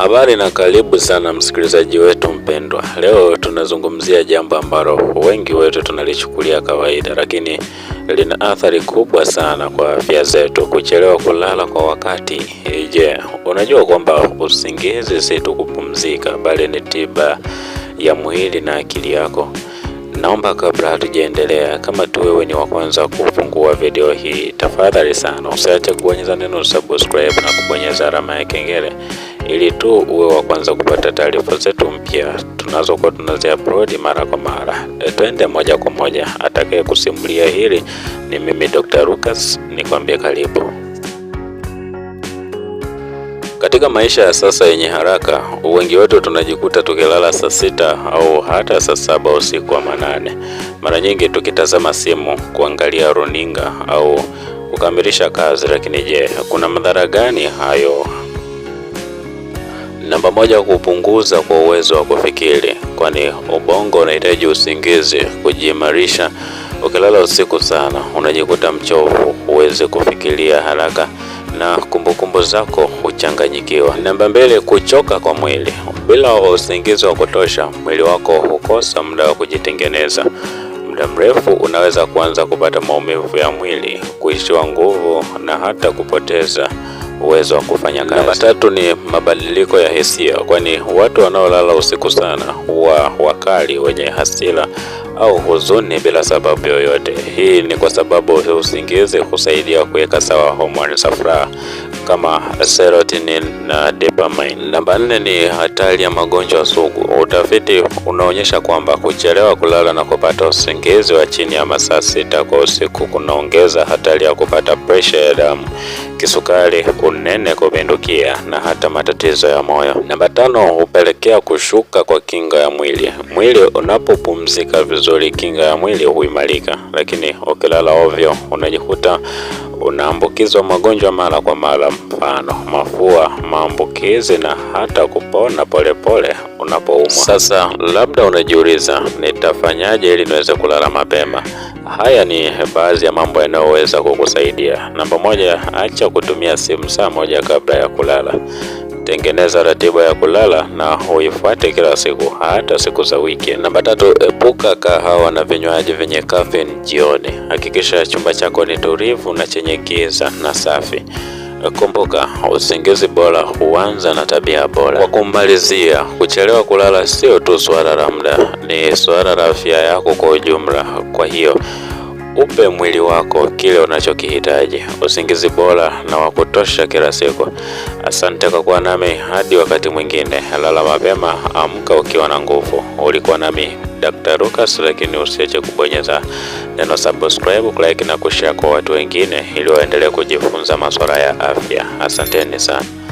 Habari na karibu sana msikilizaji wetu mpendwa. Leo tunazungumzia jambo ambalo wengi wetu tunalichukulia kawaida, lakini lina athari kubwa sana kwa afya zetu, kuchelewa kulala kwa wakati. Je, unajua kwamba usingizi si tu kupumzika, bali ni tiba ya mwili na akili yako? Naomba kabla hatujaendelea, kama tu wewe ni wa kwanza kufungua video hii, tafadhali sana usiache kubonyeza neno subscribe na kubonyeza alama ya kengele ili tu uwe wa kwanza kupata taarifa zetu mpya tunazokuwa tunazi upload mara kwa mara. E, twende moja kwa moja, atakaye kusimulia hili ni mimi Dr. Lucas, nikwambie karibu. Katika maisha ya sasa yenye haraka, wengi wetu tunajikuta tukilala saa sita au hata saa saba usiku wa manane, mara nyingi tukitazama simu, kuangalia runinga au kukamilisha kazi. Lakini je, kuna madhara gani hayo Namba moja, kupunguza kwa uwezo wa kufikiri, kwani ubongo unahitaji usingizi kujiimarisha. Ukilala usiku sana, unajikuta mchovu, huwezi kufikiria haraka na kumbukumbu kumbu zako huchanganyikiwa. Namba mbili, kuchoka kwa mwili. Bila usingizi wa kutosha, mwili wako hukosa muda wa kujitengeneza muda mrefu unaweza kuanza kupata maumivu ya mwili, kuishiwa nguvu na hata kupoteza uwezo wa kufanya kazi. Namba tatu ni mabadiliko ya hisia, kwani watu wanaolala usiku sana huwa wakali, wenye hasira au huzuni bila sababu yoyote. Hii ni kwa sababu usingizi husaidia kuweka sawa homoni za furaha kama serotonin na dopamine. Namba nne ni hatari ya magonjwa sugu. Utafiti unaonyesha kwamba kuchelewa kulala na kupata usingizi wa chini ya masaa sita kwa usiku kunaongeza hatari ya kupata presha ya damu, kisukari, unene kupindukia na hata matatizo ya moyo. Namba tano hupelekea kushuka kwa kinga ya mwili. Mwili unapopumzika vizuri vizuri, kinga ya mwili huimarika, lakini ukilala ovyo unajikuta unaambukizwa magonjwa mara kwa mara, mfano mafua, maambukizi na hata kupona polepole unapoumwa. Sasa labda unajiuliza nitafanyaje ili niweze kulala mapema? Haya ni baadhi ya mambo yanayoweza kukusaidia. Namba moja, acha kutumia simu saa moja kabla ya kulala. Tengeneza ratiba ya kulala na uifuate kila siku, hata siku za wiki. Namba tatu, epuka kahawa na vinywaji vyenye caffeine jioni. Hakikisha chumba chako ni tulivu na chenye giza na safi. Kumbuka, usingizi bora huanza na tabia bora. Kwa kumalizia, kuchelewa kulala sio tu suala la muda, ni suala la afya yako kwa ujumla. Kwa hiyo Upe mwili wako kile unachokihitaji, usingizi bora na wa kutosha kila siku. Asante kwa kuwa nami hadi wakati mwingine. Lala mapema, amka ukiwa na nguvu. Ulikuwa nami Dr. Lucas, lakini usiache kubonyeza neno subscribe, like na kushare kwa watu wengine ili waendelee kujifunza masuala ya afya. Asanteni sana.